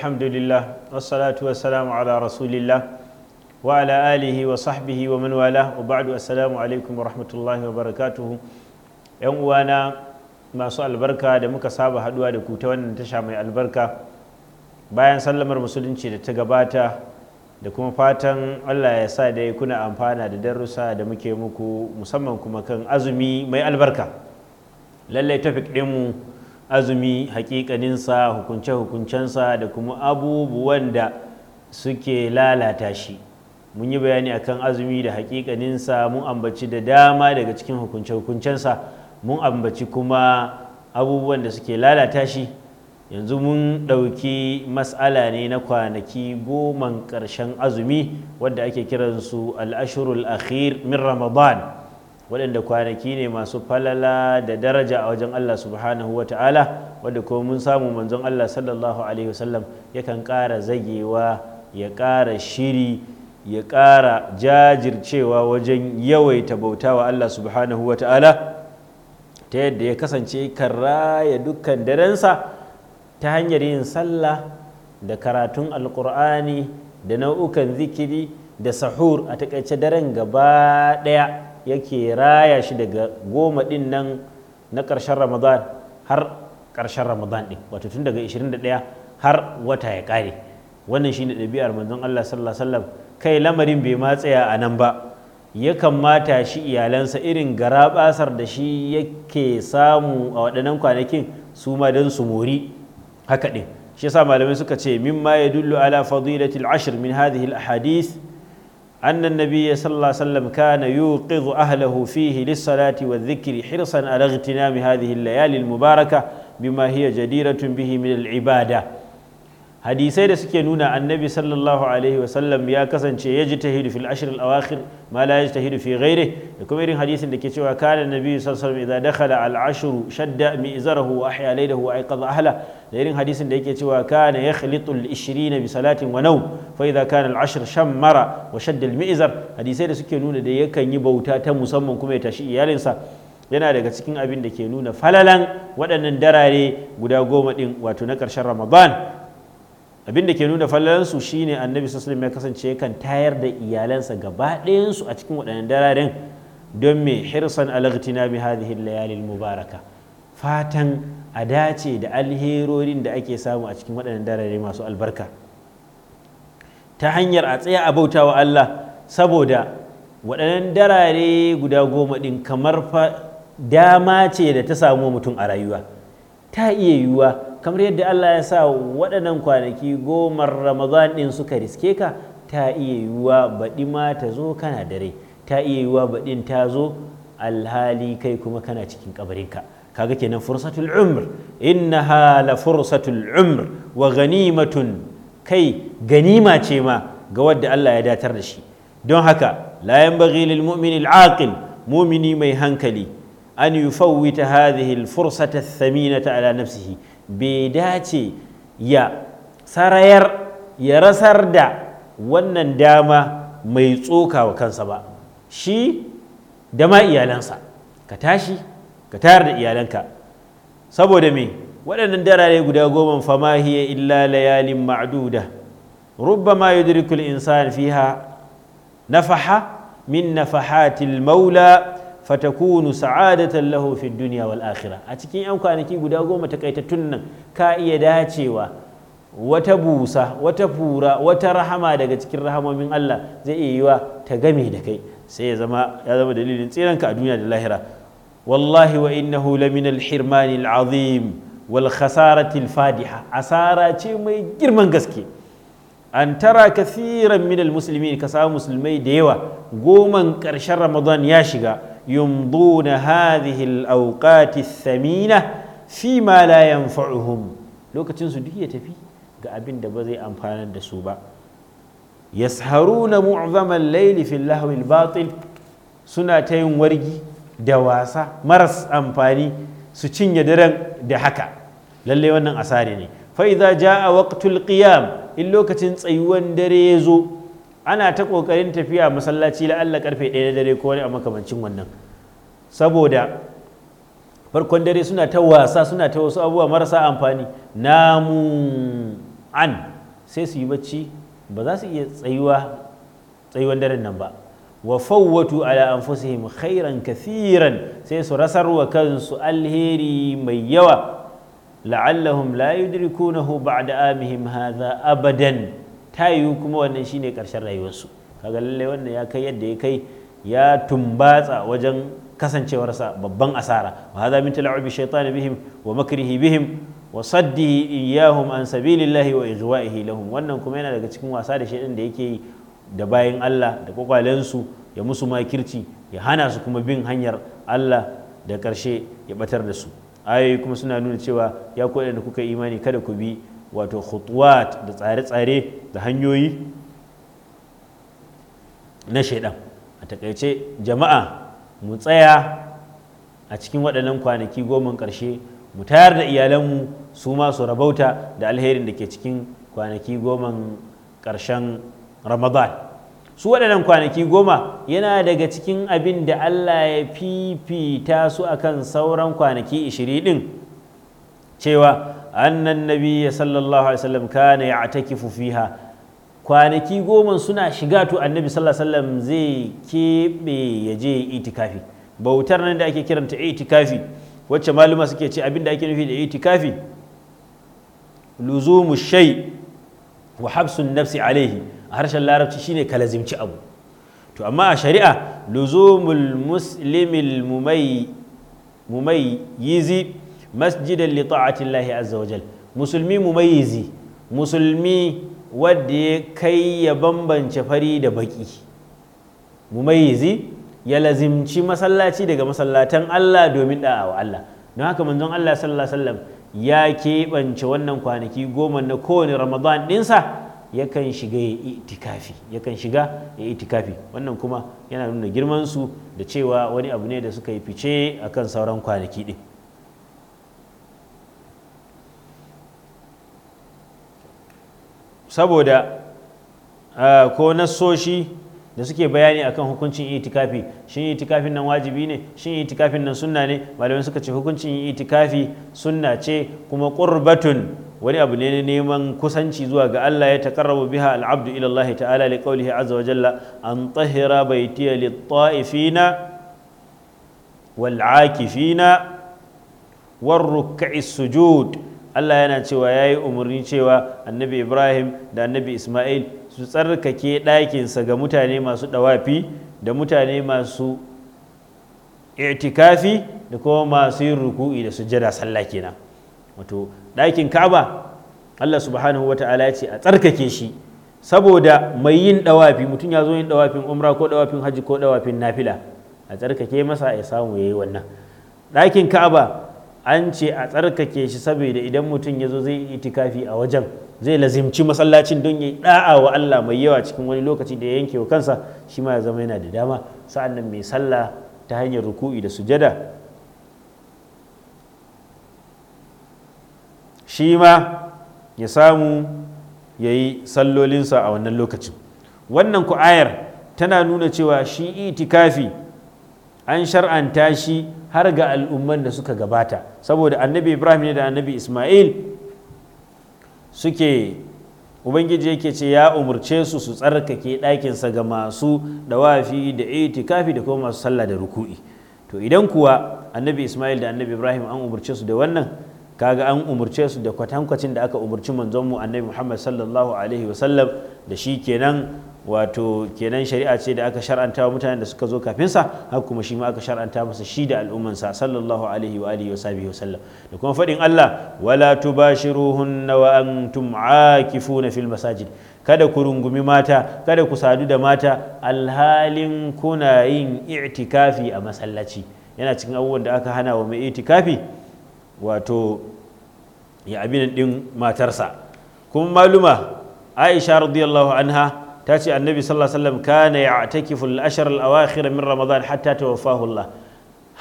alhamdulillah wassalatu wassalamu ala rasulillah wa ala alihi wa sahbihi wa manwala wala wa ba'du assalamu alaikum wa rahmatullahi wa barakatuhu yan uwana masu albarka da muka saba haduwa da ku ta wannan tasha mai albarka bayan sallamar musulunci da ta gabata da kuma fatan Allah ya sa dai kuna amfana da darussa da muke muku musamman kuma kan azumi mai albarka lallai tafik ɗinmu azumi hakikaninsa hukunce-hukuncensa da kuma abubuwan da suke lalata shi mun yi bayani akan azumi da hakikaninsa mun ambaci da dama daga cikin hukunce-hukuncensa mun ambaci kuma abubuwan da suke lalata shi yanzu mun ɗauki matsala ne na kwanaki goman ƙarshen azumi wadda ake kiransu al'ashirul akhir min ramadan waɗanda kwanaki ne masu falala da daraja a wajen Allah subhanahu wa ta'ala wadda kuma mun samu manzon Allah sallallahu alaihi wasallam yakan ƙara zagewa ya ƙara shiri ya ƙara jajircewa wajen yawaita bautawa Allah subhanahu wa ta'ala ta yadda ya kasance kan raya dukkan darensa ta hanyar yin sallah da karatun alkur'ani da nau'ukan zikiri da sahur a taƙaice daren gaba ɗaya yake raya shi daga goma ɗin nan na ƙarshen ramadan har ƙarshen ramadan ɗin wato tun daga 21 har wata ya ƙare wannan shine ɗabi'ar manzon Allah sallallahu alaihi wasallam kai lamarin bai ma tsaya a nan ba yakan mata shi iyalansa irin garaɓasar da shi yake samu a waɗannan kwanakin su ma don su mori haka ɗin shi yasa malamai suka ce mimma ya dullu ala fadilatil ashr min hadhihi al ahadith أن النبي صلى الله عليه وسلم كان يوقظ أهله فيه للصلاة والذكر حرصا على اغتنام هذه الليالي المباركة بما هي جديرة به من العبادة hadisai da suke nuna annabi sallallahu alaihi wasallam ya kasance ya ji tahidu fil ashr al awakhir ma la yajtahidu fi da kuma irin hadisin da ke cewa kana nabi sallallahu alaihi wasallam idza dakhala al ashr shadda mi'zarahu wa ahya laylahu wa ayqadha ahla da irin hadisin da yake cewa kana yakhlitu al 20 bi salatin wa nawm fa idza kana al ashr shammara wa shadda al mi'zar hadisai da suke nuna da yakan yi bauta ta musamman kuma ya tashi iyalinsa yana daga cikin abin da ke nuna falalan waɗannan darare guda goma ɗin wato na ƙarshen ramadan abin da ke nuna fallalansu shine annabi sallallahu ya kasance kan tayar da iyalansa gaba ɗayansu a cikin waɗannan dararen don mai hirsan na bi da mubaraka fatan a dace da alherorin da ake samu a cikin waɗannan darare masu albarka ta hanyar a tsaya a bauta wa Allah saboda waɗannan darare guda goma ɗin kamar dama ce da ta samu mutum a rayuwa ta iya yiwuwa kamar yadda Allah ya sa waɗannan kwanaki gomar ramadan ɗin suka riske ka ta iya yiwuwa baɗi ma ta zo kana dare ta iya yiwuwa baɗin ta zo alhali kai kuma kana cikin kabarinka kaga kenan fursatul umr inna la fursatul umr wa ganimatun kai ganima ce ma ga wadda Allah ya datar da shi don haka la yanbaghi lil mu'min al aqil mu'mini mai hankali an yufawwita hadhihi al fursata ath-thaminata ala nafsihi bai dace ya sarayar ya rasar da wannan dama mai tsoka wa kansa ba shi da ma iyalansa ka tashi ka tayar da iyalanka saboda me waɗannan darare guda goma fama hiya illa layalin ma'duda rubbama yudrikul insan fiha nafaha min nafahatil maula fatakunu sa'adatan lahu fid dunya wal akhirah a cikin yan kwanaki guda goma takaitattun nan ka iya dacewa wata busa wata fura wata rahama daga cikin rahamomin Allah zai iya yiwa ta game da kai sai ya zama ya zama dalilin tsiranka a duniya da lahira wallahi wa innahu laminal hirmani al azim wal khasarati al fadiha asara ce mai girman gaske an tara kathiran min al ka samu musulmai da yawa goman karshen ramadan ya shiga يمضون هذه الأوقات الثمينة فيما لا ينفعهم لو كتنسو دي يتفي قابين دبزي أمفانا دسوبا يسهرون معظم الليل في اللهو الباطل سنتين ورقي دواسا مرس أمفاني سچين يدرن دحكا للي ونن أساري فإذا جاء وقت القيام إلو كتنس أيوان دريزو ana ta ƙoƙarin tafiya masallaci la'alla karfe ɗaya na dare ko wani a makamancin wannan saboda farkon dare suna ta wasa suna ta wasu abubuwa marasa amfani namu an sai su yi bacci ba za su iya tsayuwa tsayuwan daren nan ba wa fawwatu ala anfusihim khairan kathiran sai su rasar wa kansu alheri mai yawa la'allahum la yudrikunahu ba'da amihim hadha abadan ta yiwu kuma wannan shine ƙarshen rayuwarsu kaga lallai wannan ya kai yadda ya kai ya tumbatsa wajen kasancewarsa babban asara wa hadha min tal'ubi shaytan bihim wa makrihi bihim wa saddihi iyyahum an sabilillahi wa izwa'ihi lahum wannan kuma yana daga cikin wasa da shaytan da yake da bayan Allah da kwakwalensu ya musu makirci ya hana su kuma bin hanyar Allah da karshe ya batar da su ayoyi kuma suna nuna cewa ya ku da kuka imani kada ku bi wato khutuwat da tsare-tsare da hanyoyi na shaidan a takaice jama'a mu tsaya a cikin waɗannan kwanaki goma ƙarshe mu tayar da iyalanmu su ma su rabauta da alherin da ke cikin kwanaki goma ƙarshen ramadan su waɗannan kwanaki goma yana daga cikin abin da Allah ya fifita su akan sauran kwanaki ishirin din cewa أن النبي صلى الله عليه وسلم كان يعتكف فيها kwanaki goma suna shiga to annabi sallallahu alaihi wasallam zai keɓe ya je itikafi bautar nan da ake kiranta itikafi wacce maluma suke ce abin da ake nufi da itikafi luzumu shay wa habsun nafsi alaihi a harshen larabci shine kalazimci abu to amma a shari'a luzumul muslimil yizi. masjidan li ta'atillahi azza wajal musulmi mumayyizi musulmi wadda ya kai ya bambance fari da baki mumayyizi ya lazimci masallaci daga masallatan Allah domin da'a wa Allah don haka manzon Allah sallallahu alaihi wasallam ya keɓance wannan kwanaki goma na kowane ramadan ɗinsa yakan shiga ya itikafi itikafi wannan kuma yana nuna girman su da cewa wani abu ne da suka yi fice akan sauran kwanaki ɗin saboda ko nassoshi da suke bayani akan hukuncin itikafi shin itikafin nan wajibi ne shin itikafin nan sunna ne malamai suka ce hukuncin itikafi sunna ce kuma qurbatun wani abu ne na neman kusanci zuwa ga Allah ya taqarrabu biha al'abdu ila Allah ta'ala li qawlihi azza wa jalla an tahira baytiya lit-ta'ifina wal-'akifina war-ruk'i sujud Allah yana cewa ya yi umarni cewa annabi Ibrahim da annabi Ismail su tsarkake ɗakinsa ga mutane masu ɗawafi da mutane masu itikafi da kuma masu yin ruku'i da sujjada sallah kenan wato ɗakin Ka'aba Allah subhanahu wa ta'ala ya ce a tsarkake shi saboda mai yin ɗawafi mutum ya zo yin ɗawafin umra ko ɗawafin hajji ko ɗawafin nafila a tsarkake masa ya samu ya yi wannan ɗakin Ka'aba an ce a tsarkake shi saboda idan mutum ya zo zai yi itikafi a wajen zai lazimci masallacin don ya da'a wa Allah mai yawa cikin wani lokaci da ya yanke wa kansa shi ma ya zama yana da dama sa'an nan mai sallah ta hanyar ruku'i da sujada shi ma ya samu ya yi sallolinsa a wannan lokacin wannan ku'ayar tana nuna cewa shi itikafi an shar'anta shi har ga al'umman da suka gabata saboda annabi ibrahim ne da annabi ismail suke ubangiji yake ce ya umarce su su tsarkake ɗakinsa ga masu dawafi da itikafi da kuma masu sallah da ruku'i to idan kuwa annabi ismail da annabi ibrahim an umarce su da wannan kaga an umarce su da kwatankwacin da aka umarci manzonmu annabi muhammad sallallahu alaihi wasallam da shi kenan wato kenan shari'a ce da aka shar'anta wa mutanen da suka zo kafin sa haka kuma shi ma aka shar'anta masa shi da al'ummansa, sallallahu alaihi wa alihi wa sahbihi wa sallam da kuma faɗin Allah wala tubashiruhunna wa antum aakifuna fil masajid kada ku rungumi mata kada ku sadu da mata alhalin kuna yin i'tikafi a masallaci yana cikin abubuwan da aka hana wa mai itikafi wato ya abin din matarsa kuma maluma aisha radiyallahu anha ta ce annabi sallallahu alaihi wasallam kana ya'takifu al-ashr min ramadan hatta tawaffahu Allah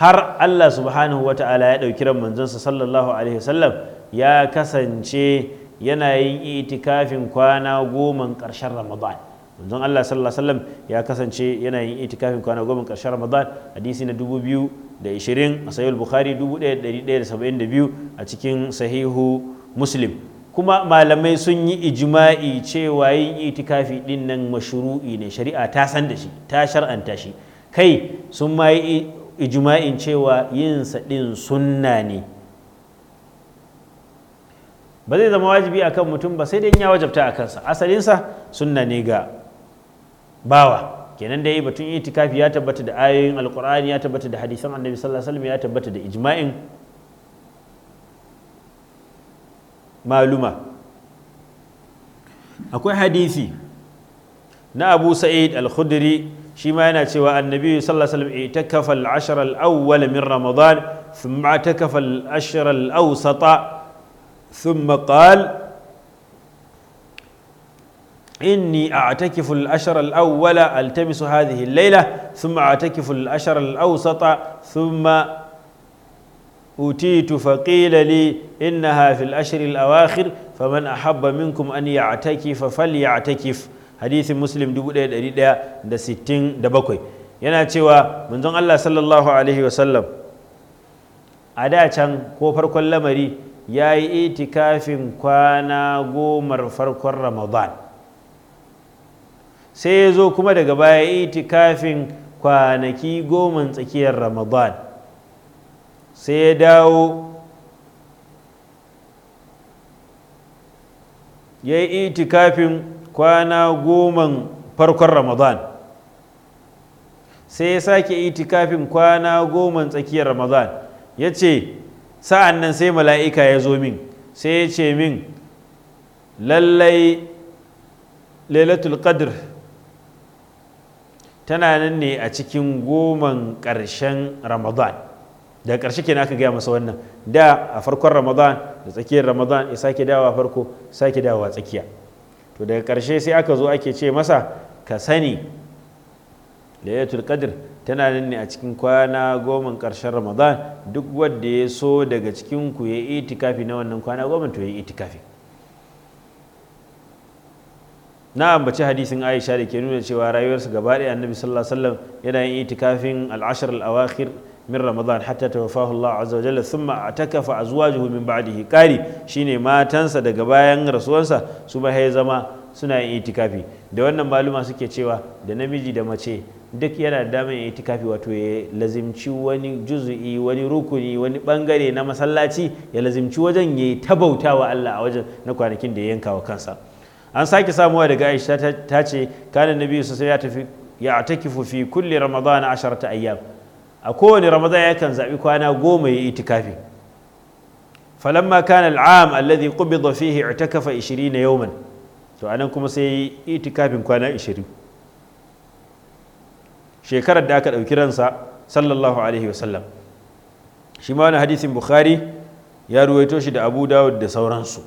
har Allah subhanahu wa ta'ala ya dauki ran manzansa sallallahu alaihi wasallam ya kasance yana yin itikafin kwana goma karshen ramadan manzon Allah sallallahu alaihi wasallam ya kasance yana yin itikafin kwana goma ramadan hadisi na 2020 a bukhari 1172 a cikin sahihu muslim kuma malamai sun yi ijima'i cewa yin itikafi din nan mashru'i ne shari'a ta san da shi ta shar'anta shi kai sun ma yi ijima'in cewa yin sa din sunna ne ba zai zama wajibi akan mutum ba sai dai ya wajabta a kansa asalinsa sunna ne ga bawa kenan da dai batun itikafi ya tabbata da ayoyin alkur'ani ya tabbata da hadisan annabi sallallahu alaihi wasallam ya tabbata da ijma'in maluma akwai hadisi na abu sa'id al-khudri shi ma yana cewa annabi sallallahu alaihi wasallam itakafa al-ashr al-awwal min ramadan thumma itakafa al-ashr al-awsata thumma qala إني أعتكف الأشر الأول ألتمس هذه الليلة ثم أعتكف الأشر الأوسط ثم utitu fa kilalli in na hafi ashirin a wakirfaman ahabba habamin ku an ya'a ta kifin fal hadisin muslim dubu sittin da bakwai. yana cewa manzon allah sallallahu alaihi wa sallam a da can ko farkon lamari yayi yi itikafin kwana gomar farkon ramadan sai yazo kuma daga baya itikafin kwanaki goman tsakiyar ramadan sai ya dawo ya yi itikafin kwana goman farkon ramadan sai ya sake itikafin kwana goman tsakiyar ramadan ya ce sa'an nan sai mala'ika ya zo min sai ya ce min lallai lailatul qadr tana nan ne a cikin goman ƙarshen ramadan da ƙarshe kenan aka gaya masa wannan da a farkon ramadan da tsakiyar ramadan ya sake dawa farko sake dawa tsakiya to daga ƙarshe sai aka zo ake ce masa ka sani lailatul qadr tana nan ne a cikin kwana goma ƙarshen ramadan duk wanda ya so daga cikin ku ya yi itikafi na wannan kwana goma to ya yi itikafi na ambaci hadisin aisha da ke nuna cewa rayuwarsa gaba ɗaya annabi sallallahu alaihi wasallam yana yin itikafin al'ashar al min ramadan hatta tawaffahu Allah azza wa jalla thumma atakafa azwajuhu min ba'dihi kari shine matansa daga bayan rasuwansa su ba hay zama suna yin itikafi da wannan maluma suke cewa da namiji da mace duk yana da damar yin itikafi wato ya lazimci wani juzu'i wani rukuni wani bangare na masallaci ya lazimci wajen ya tabauta Allah a wajen na kwanakin da ya yanka wa kansa an sake samuwa daga Aisha ta ce kana nabi sallallahu alaihi wasallam ya tafi ya atakifu fi kulli ramadan 10 ayyam a kowane ramadan yakan zaɓi kwana goma ya itikafi falamma kana al'am alladhi qubida fihi i'takafa 20 yawman to anan kuma sai itikafin kwana 20 shekarar da aka ɗauki ransa sallallahu alaihi wasallam shi ma wani hadisin bukhari ya ruwaito shi da abu dawud da sauransu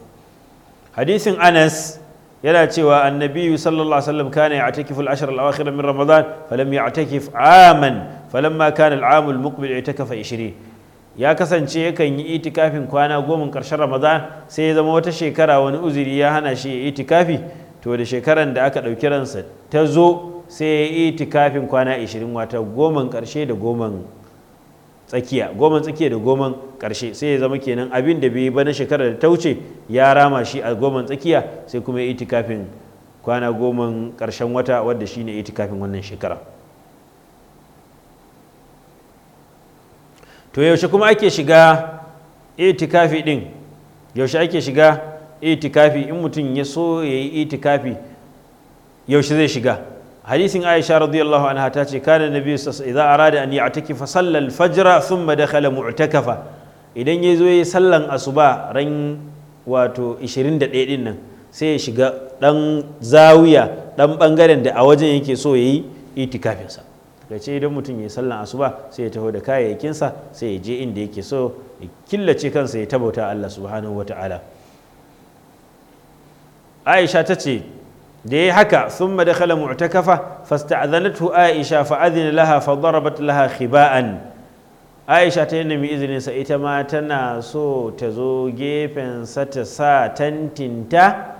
hadisin anas yana cewa annabiyu sallallahu alaihi wasallam kana ya'takifu al-ashr al-awakhir min ramadan falam ya'takif aman falamma kana al'amul muqbil itakafa 20 ya kasance yakan yi itikafin kwana goma ƙarshen ramadan sai ya zama wata shekara wani uzuri ya hana shi ya itikafi to da shekaran da aka ɗauki ransa ta zo sai ya yi itikafin kwana 20 wata goma ƙarshe da goma tsakiya goman tsakiya da goman ƙarshe sai ya zama kenan abin da bai ba na shekarar da ta wuce ya rama shi a goma tsakiya sai kuma ya itikafin kwana goma ƙarshen wata wadda shine itikafin wannan shekara to yaushe kuma ake shiga itikafi din yaushe ake shiga itikafi in mutum ya so ya yi itikafi yaushe zai shiga hadisin aisha radiyallahu anha ta ce kana nabi idan arada an ya'takifa salla al-fajr thumma dakhala mu'takafa idan ya zo yi sallan asuba ran wato 21 din nan sai ya shiga dan zawiya dan bangaren da a wajen yake so ya yi itikafinsa ka ce idan mutum ya sallan asuba sai ya taho da kayayyakinsa sai ya je inda yake so ya killace kansa ya tabauta Allah subhanahu wata'ala Aisha ta ce da ya haka sun madakhala mu'takafa fasta'adhanathu Aisha fa adhina laha fa darabat laha khiba'an Aisha ta yi nemi izinin sa ita ma tana so ta zo gefen sa ta sa tantinta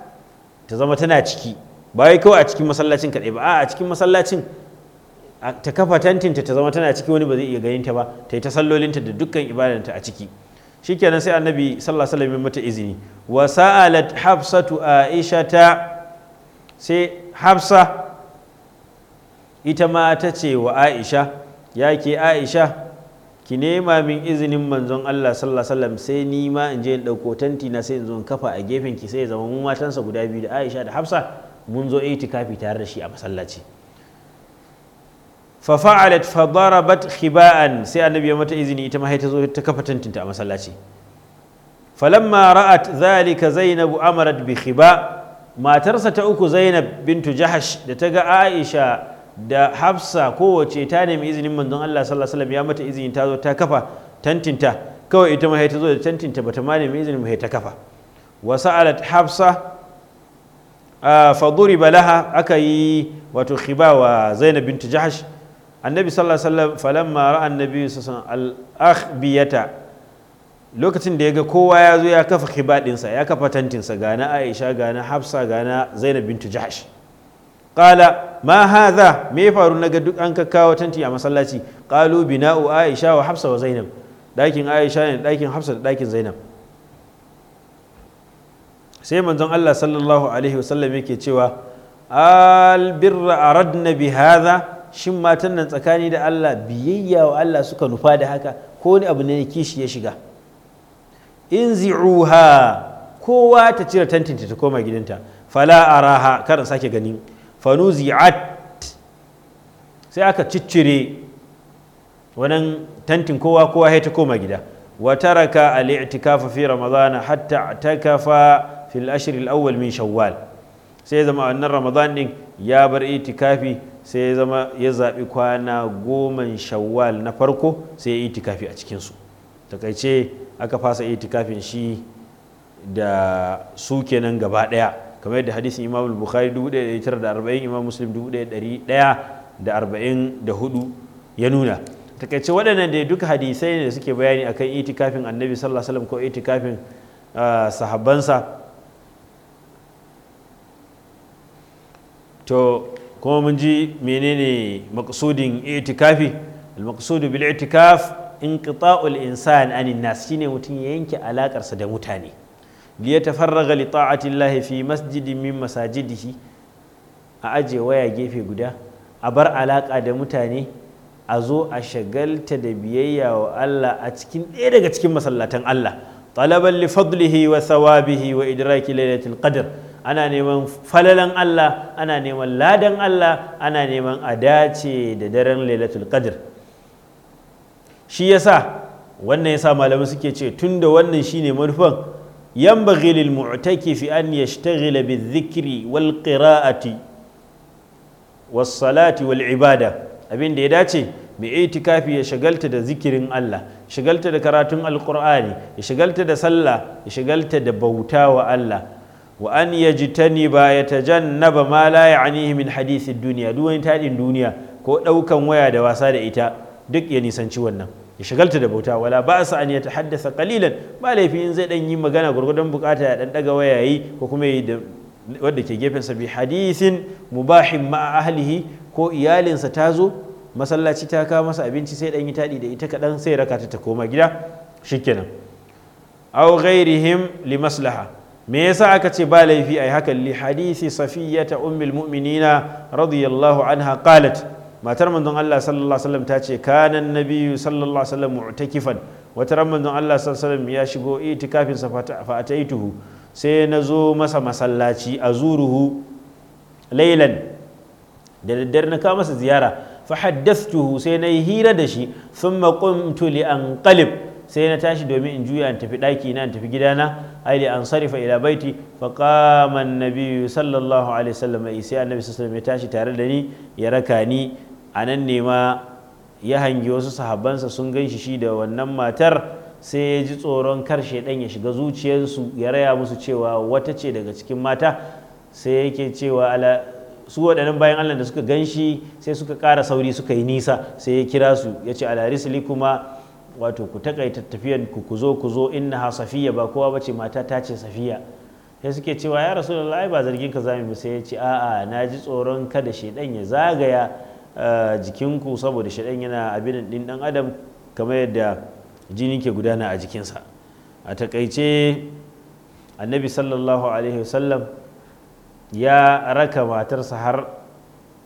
ta zama tana ciki ba kawai a cikin masallacin kaɗai ba a cikin masallacin ta kafa tantinta ta zama tana ciki wani ba zai iya ganin ta ba ta yi ta sallolinta da dukkan ibadanta a ciki shikenan sai annabi sallallahu alaihi wasallam mata izini wa sa'alat hafsatu aisha ta sai hafsa ita ma ta ce wa aisha ya ke aisha ki nema min izinin manzon Allah sallallahu alaihi wasallam sai ni ma in je in dauko tanti na sai in zo in kafa a gefen ki sai ya zama mu matansa guda biyu da Aisha da Hafsa mun zo itikafi tare da shi a masallaci fa fa'alat fa darabat khiba'an sai annabi ya mata izini ita ma ta ta kafa tantinta a masallaci falamma mara'at zalika zainabu amarat bi khiba matarsa ta uku zainab bintu jahash da ta ga aisha da hafsa kowace ta nemi izinin manzon Allah sallallahu alaihi wasallam ya mata izini ta zo ta kafa tantinta kawai ita ma ta zo tantinta bata ma nemi izinin ba ta kafa wa sa'alat hafsa ah, fa duriba laha aka yi wato khiba zainab bintu jahash annabi sallallahu alaihi wasallam falamma ra'a annabi sallallahu alaihi al-akhbiyata lokacin da ya ga kowa ya zo ya kafa kibadinsa ya kafa tantinsa gana Aisha gana Hafsa gana Zainab bintu Jahsh qala ma hadha me faru naga duk an kakkawo tanti a masallaci qalu bina'u Aisha wa Hafsa wa Zainab dakin Aisha ne dakin Hafsa da dakin Zainab sai manzon Allah sallallahu alaihi wasallam yake cewa al birra aradna bi hadha shin matan nan tsakani da Allah biyayya wa Allah suka nufa da haka ko wani abu ne kishi ya shiga in zi'uha kowa ta cire tantinta ta koma gidanta fala araha karan sake gani fanuzi'at sai aka ciccire wannan tantin kowa kowa ya ta koma gida wa taraka al-i'tikafa fi ramadana hatta atakafa fil ashr al-awwal min shawwal sai ya zama wannan ramadan din ya bar itikafi sai ya zama ya zaɓi kwana goma shawwal na farko sai ya itikafi a cikinsu takaice aka fasa itikafin shi da su kenan gaba ɗaya kamar yadda hadisin imam bukhari 1940 imam muslim 1144 ya nuna takaice waɗannan da duka hadisai ne da suke bayani akan itikafin annabi sallallahu alaihi wasallam ko itikafin ah, sahabbansa to kuma mun ji menene maqsudin itikafi al-maqsudu bil itikaf in insan anin nas shine mutum ya yanke sa da mutane li yatafarraga li ta'ati llahi fi masjidin min masajidihi a aje waya gefe guda a bar alaka da mutane a zo a shagalta da biyayya wa Allah a cikin ɗaya daga cikin masallatan Allah talaban li fadlihi wa thawabihi wa idraki lailatul qadr ana neman falalan Allah ana neman ladan Allah ana neman adace da daren lailatul qadr shi yasa wannan yasa malamai suke ce tunda wannan shine murfan yambaghi lil mu'takifi an yashtaghila bizikri wal qira'ati was salati wal ibada abinda ya dace mai itikafi ya shigalta da zikirin Allah shigalta da karatun Alƙur'ani ya shagalta da sallah ya shigalta da bauta wa Allah wa an ni ba yatajannaba ma la ya'nihi min hadisi duniya duk wani tadin duniya ko ɗaukan waya da wasa da ita duk ya nisanci wannan ya shagalta da bauta wala ba sa an ya haddasa qalilan ba laifi in zai dan yi magana gurgudan bukata ya dan daga waya ko kuma yi da wanda ke gefen sa bi hadisin mubahin ma ahlihi ko iyalinsa ta zo masallaci ta kawo masa abinci sai dan yi taɗi da ita kaɗan sai raka ta koma gida shikenan aw ghairihim li maslaha me yasa aka ce ba laifi ai haka li hadisi safiyata ummul mu'minina radiyallahu anha qalat matar manzon Allah sallallahu alaihi wasallam ta ce kana nabiyyu sallallahu alaihi wasallam mu'takifan wata ran manzon Allah sallallahu alaihi wasallam ya shigo itikafin sa fa ataituhu sai na zo masa masallaci a zuruhu lailan da daddare na kawo masa ziyara fa haddathtuhu sai na yi hira da shi thumma qumtu li anqalib sai na tashi domin in juya in tafi daki na in tafi gidana ai da an sarifa ila baiti fa qama annabi sallallahu alaihi wasallam sai annabi sallallahu ya tashi tare da ni ya raka ni anan ne ma ya hangi wasu sahabbansa sun ganshi shi da wannan matar sai ya ji tsoron karshe dan ya shiga zuciyarsu ya raya musu cewa wata ce daga cikin mata sai yake cewa ala su waɗannan bayan Allah da suka ganshi sai suka ƙara sauri suka yi nisa sai ya kira su ya ce ala risli kuma wato ku takaita tafiyan ku ku zo ku zo in na safiya ba kowa bace mata ta ce safiya sai suke cewa ya rasu da ba zargin ka zami ba sai ya ce a'a na ji tsoron kada shaidan ya zagaya eh, jikinku saboda shaidan yana abin ɗin ɗan adam kamar yadda jini ke gudana a jikinsa a takaice annabi sallallahu alaihi wasallam ya raka matarsa har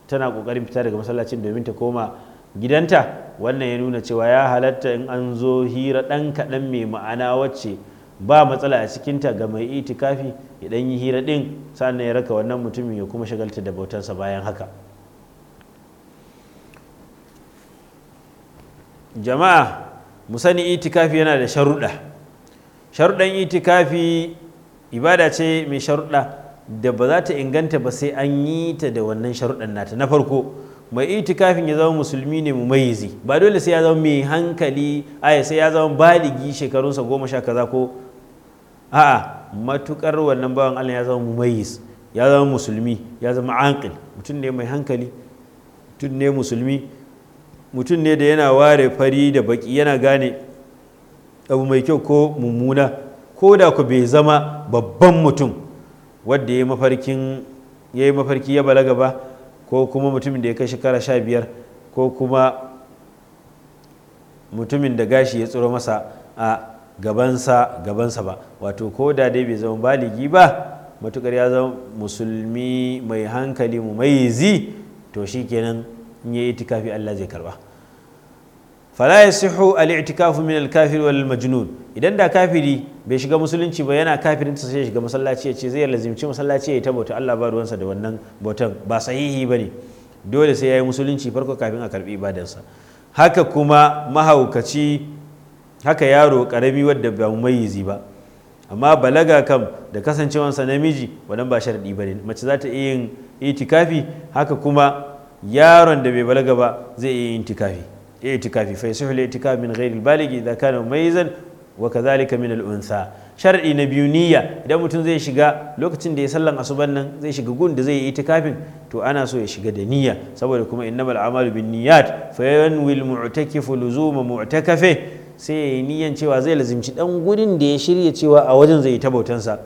tana kokarin fita daga masallacin domin ta koma gidanta wannan ya nuna cewa ya halatta in an zo hira ɗan kaɗan mai ma'ana wacce ba matsala a cikinta ga mai itikafi idan yi hira ɗin sannan ya raka wannan mutumin ya kuma shagalta da bautansa bayan haka jama'a mu sani itikafi yana da sharuɗa sharuɗan itikafi ibada ce mai sharuɗa da ba za ta inganta ba sai an yi ta da wannan sharuɗan nata na farko mai itikafin ya zama musulmi ne mumayizi ba dole sai ya zama mai hankali ya sai ya zama baligi shekarunsa goma sha kaza ko a'a matukar wannan bawan Allah ya zama mumayiz ya zama musulmi ya zama ankil mutum ne mai hankali mutum ne musulmi mutum ne da yana ware fari da baki yana gane abu mai kyau ko mummuna ko da ku bai zama babban mutum wadda ya yi mafarki ya balaga ba ko kuma mutumin da ya kai shekara sha biyar ko kuma mutumin da gashi ya tsoro masa a gabansa gabansa ba wato ko da dai bai zama baligi ba matukar ya zama musulmi mai hankali mu mai to shi shikenan in ya yi itikafi Allah zai karba fala yasihu al-i'tikafu min al-kafir idan da kafiri bai shiga musulunci ba yana kafirin ta sai shiga masallaci ya ce zai lazimci masallaci ya bauta Allah ba ruwansa da wannan bautan ba sahihi bane dole sai ya yi musulunci farko kafin a karbi sa haka kuma mahaukaci haka yaro karami wadda ba mu mumayyizi ba amma balaga kam da kasancewansa namiji wannan ba sharadi ne mace za ta iya yin itikafi haka kuma yaron da bai balaga ba zai iya yin itikafi i'tikafi fa yasihu al-i'tikaf min ghairi al-baligh idha kana mumayizan wa kadhalika min al-untha shar'i na biyu niyya idan mutum zai shiga lokacin da ya sallan asuban nan zai shiga gun da zai yi itikafin to ana so ya shiga da niyya saboda kuma innamal a'malu bin niyyat fa yanwil mu'takifu luzuma mu'takafe sai ya yi niyyan cewa zai lazimci dan gurin da ya shirya cewa a wajen zai yi ta bautansa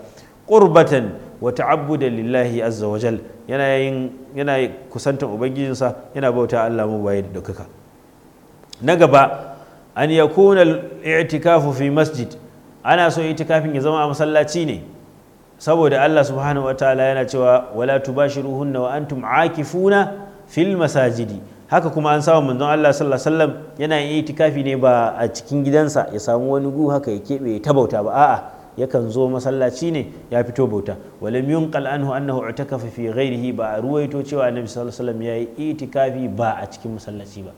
qurbatan wa ta'abbudan lillahi azza wajal yana yin yana kusantan ubangijinsa yana bauta Allah mu bayi da na gaba an ya kuna itikafu fi masjid ana so itikafin ya zama a masallaci ne saboda Allah subhanahu ta'ala yana cewa wala tubashiruhunna wa antum akifuna fil masajidi haka kuma an samu manzon Allah sallallahu alaihi wasallam yana yin itikafi ne ba a cikin gidansa ya samu wani gu haka ya kebe ta bauta ba a'a yakan zo masallaci ne ya fito bauta walam yunqal anhu annahu i'takafa fi ghairihi ba ruwaito cewa annabi sallallahu alaihi wasallam yayi itikafi ba a cikin masallaci ba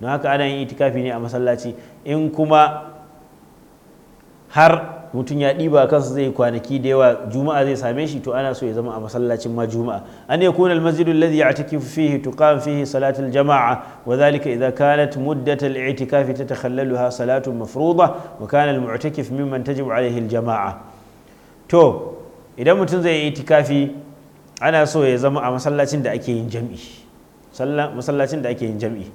don haka ana yin itikafi ne a masallaci in kuma har mutum ya ɗiba kansa zai kwanaki da yawa juma'a zai same shi to ana so ya zama a masallacin ma juma'a an ya kuna almasjidu alladhi ya'takifu fihi tuqam fihi salatul jama'a wa dhalika idha kanat muddat al ta tatakhallaluha salatun mafruḍa wa kana al mimman tajibu alayhi jamaa to idan mutum zai yi itikafi ana so ya zama a masallacin da ake yin jami'i masallacin da ake yin jami'i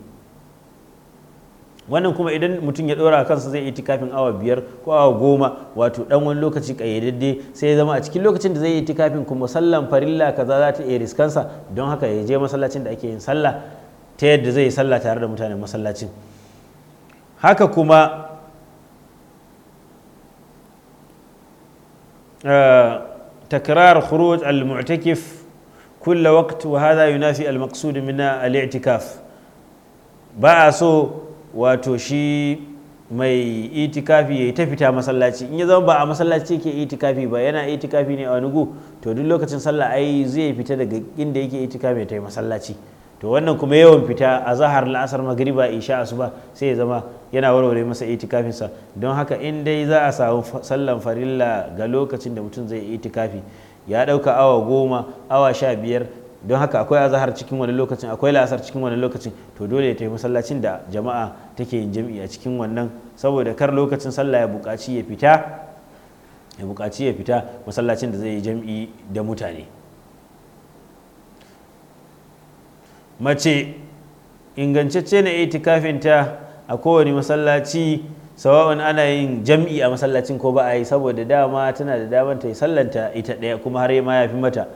wannan kuma idan mutum ya dora kansa zai itikafin awa biyar ko awa goma wato dan wani lokaci kayyadadde sai ya zama a cikin lokacin da zai yi itikafin kuma sallan farilla kaza za ta iya riskansa don haka ya je masallacin da ake yin sallah ta yadda zai yi sallah tare da mutanen masallacin haka kuma تكرار خروج المعتكف كل وقت وهذا ينافي المقصود من الاعتكاف ba a so wato shi mai itikafi ya yi ta fita masallaci in ya zama ba a masallaci ke itikafi ba yana itikafi ne a wani to duk lokacin sallah ai zai fita daga inda yake itikafi ta yi masallaci to wannan kuma yawan fita a zahar la'asar magriba isha asuba sai ya zama yana warware masa itikafinsa don haka in dai za a samu sallan farilla ga lokacin da mutum zai itikafi ya ɗauka awa goma awa sha biyar don haka akwai azahar cikin wani lokacin akwai la'asar cikin wani lokacin to dole ya tafi masallacin da jama'a take yin jami'i a cikin wannan saboda kar lokacin sallah ya buƙaci ya fita ya buƙaci ya fita masallacin da zai yi jami'i da mutane mace ingancacce na ta a kowane masallaci sawa'un ana yin jami'i a masallacin ko ba a yi saboda dama tana da damar ta yi sallanta ita ɗaya kuma har ma ya fi mata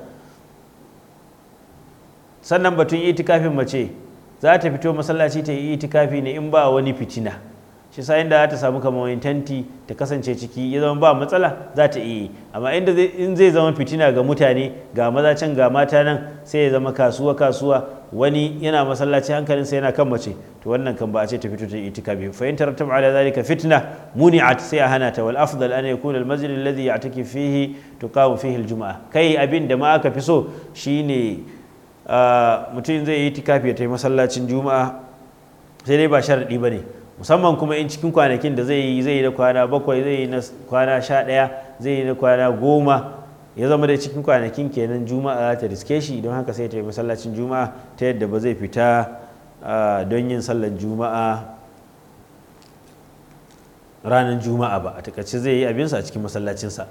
sannan batun itikafin mace za ta fito masallaci ta yi itikafi ne in ba wani fitina shi sa inda za ta samu kamar wani tanti ta kasance ciki ya zama ba matsala za ta iya amma inda in zai zama fitina ga mutane ga maza can ga mata nan sai ya zama kasuwa kasuwa wani yana masallaci hankalin sai yana kan mace to wannan kan ba a ce ta fito ta yi itikafi fa in tarattab ala zalika fitna muni'at sai a hana ta wal afdal an yakuna al masjid alladhi ya'taki fihi tuqamu fihi al jumu'ah kai abin da ma aka fi so shine mutum zai yi tikafi ya ta yi masallacin juma'a sai dai ba sharaɗi ba ne musamman kuma in cikin kwanakin da zai yi zai yi na kwana bakwai zai yi na kwana sha ɗaya zai yi na kwana goma ya zama da cikin kwanakin kenan juma'a ta riske shi don haka sai ta yi masallacin juma'a ta yadda ba zai fita don yin sallar juma'a ranar juma'a ba a takaice zai yi abinsa a cikin masallacinsa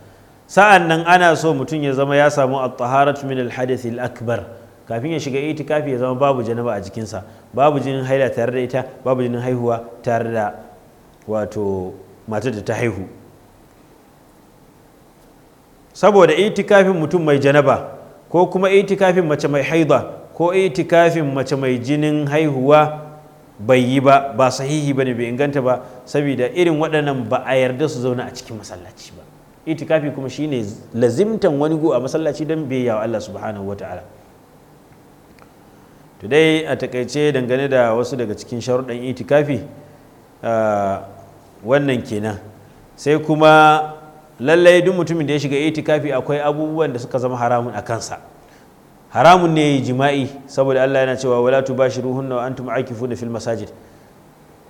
sa'an nan ana so mutum ya zama ya samu al taharatu min al-hadath al-akbar kafin ya shiga itikafi ya zama babu janaba a jikinsa babu jinin haila tare da ita babu jinin haihuwa tare da wato matar da ta haihu saboda itikafin mutum mai janaba ko kuma itikafin mace mai haida ko itikafin mace mai jinin haihuwa bai yi ba ba sahihi ba ne bai inganta ba saboda irin waɗannan ba a yarda su zauna a cikin masallaci ba itikafi kuma shine lazimtan wani gu a masallaci don biyayya wa Allah subhanahu wa ta'ala to dai a takaice dangane da wasu daga cikin sharuɗan itikafi wannan kenan sai kuma lallai duk mutumin da ya shiga itikafi akwai abubuwan da suka zama haramun a kansa haramun ne jima'i saboda Allah yana cewa wala tu ruhun wa antum aakifuna fil masajid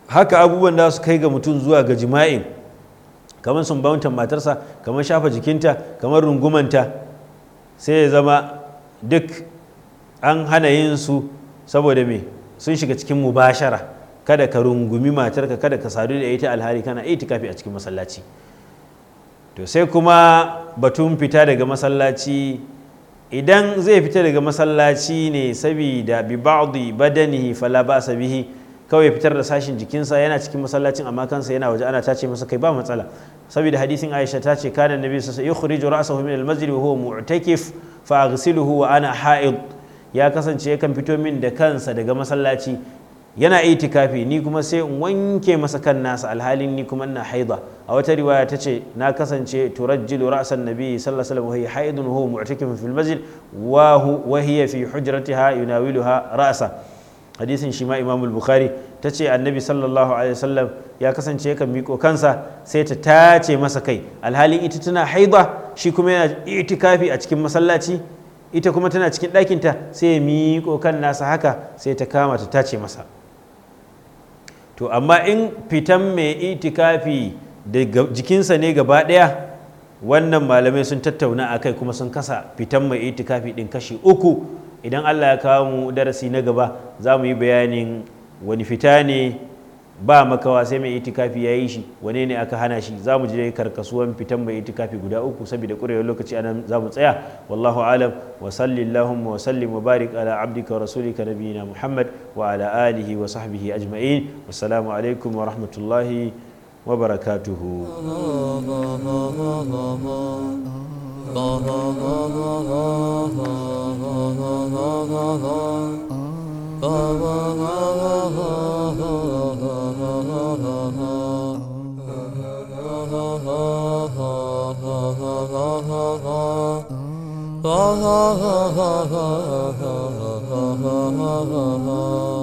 haka abubuwan da su kai ga mutum zuwa ga jima'i kamar sumbantan matarsa kamar shafa jikinta kamar rungumanta sai ya zama duk an hana yin su saboda me sun shiga cikin mubashara kada ka rungumi matarka kada ka sadu da ita alhali kana itikafi a cikin masallaci to sai kuma batun fita daga masallaci idan zai fita daga masallaci ne saboda bi ba'dhi badanihi fala ba'sa bihi kawai fitar da sashin jikinsa yana cikin masallacin amma kansa yana waje ana tace masa kai ba matsala saboda hadisin Aisha ta ce kana nabi sallallahu alaihi wasallam yukhriju ra'sahu min al-masjid wa huwa mu'takif fa aghsiluhu wa ana ha'id ya kasance yakan fito min da kansa daga masallaci yana itikafi ni kuma sai in wanke masa kan nasa alhalin ni kuma ina haida a wata riwaya ta ce na kasance turajjilu ra'san nabi sallallahu alaihi wasallam haidun huwa mu'takifun fil masjid wa wa hiya fi hujratiha yunawiluha ra'sa hadisin shi ma imamul bukhari ta ce annabi sallallahu alaihi wasallam ya kasance yakan miko kansa sai ta tace masa kai alhalin ita tana haida shi kuma yana itikafi a cikin masallaci ita kuma tana cikin ɗakinta sai ya miƙo kan nasa haka sai ta kama ta tace masa to amma in fitan mai itikafi da jikinsa ne gaba ɗaya wannan malamai sun tattauna a kai kuma sun kasa fitan mai itikafi ɗin kashi uku idan allah ya kawo mu darasi na gaba za mu yi bayanin wani fita ne ba makawa sai mai itikafi ya yi shi wane ne aka hana shi za mu je karkasuwan fitan mai itikafi guda uku saboda ƙurewar lokaci anan za mu tsaya wallahu alam wa sallallahu wa sallim wa barik ala abdika rasulika nabiyina muhammad wa ala alihi wa sahbihi ajma'in wassalamu alaikum wa rahmatullahi wa barakatuhu ha ha ha ha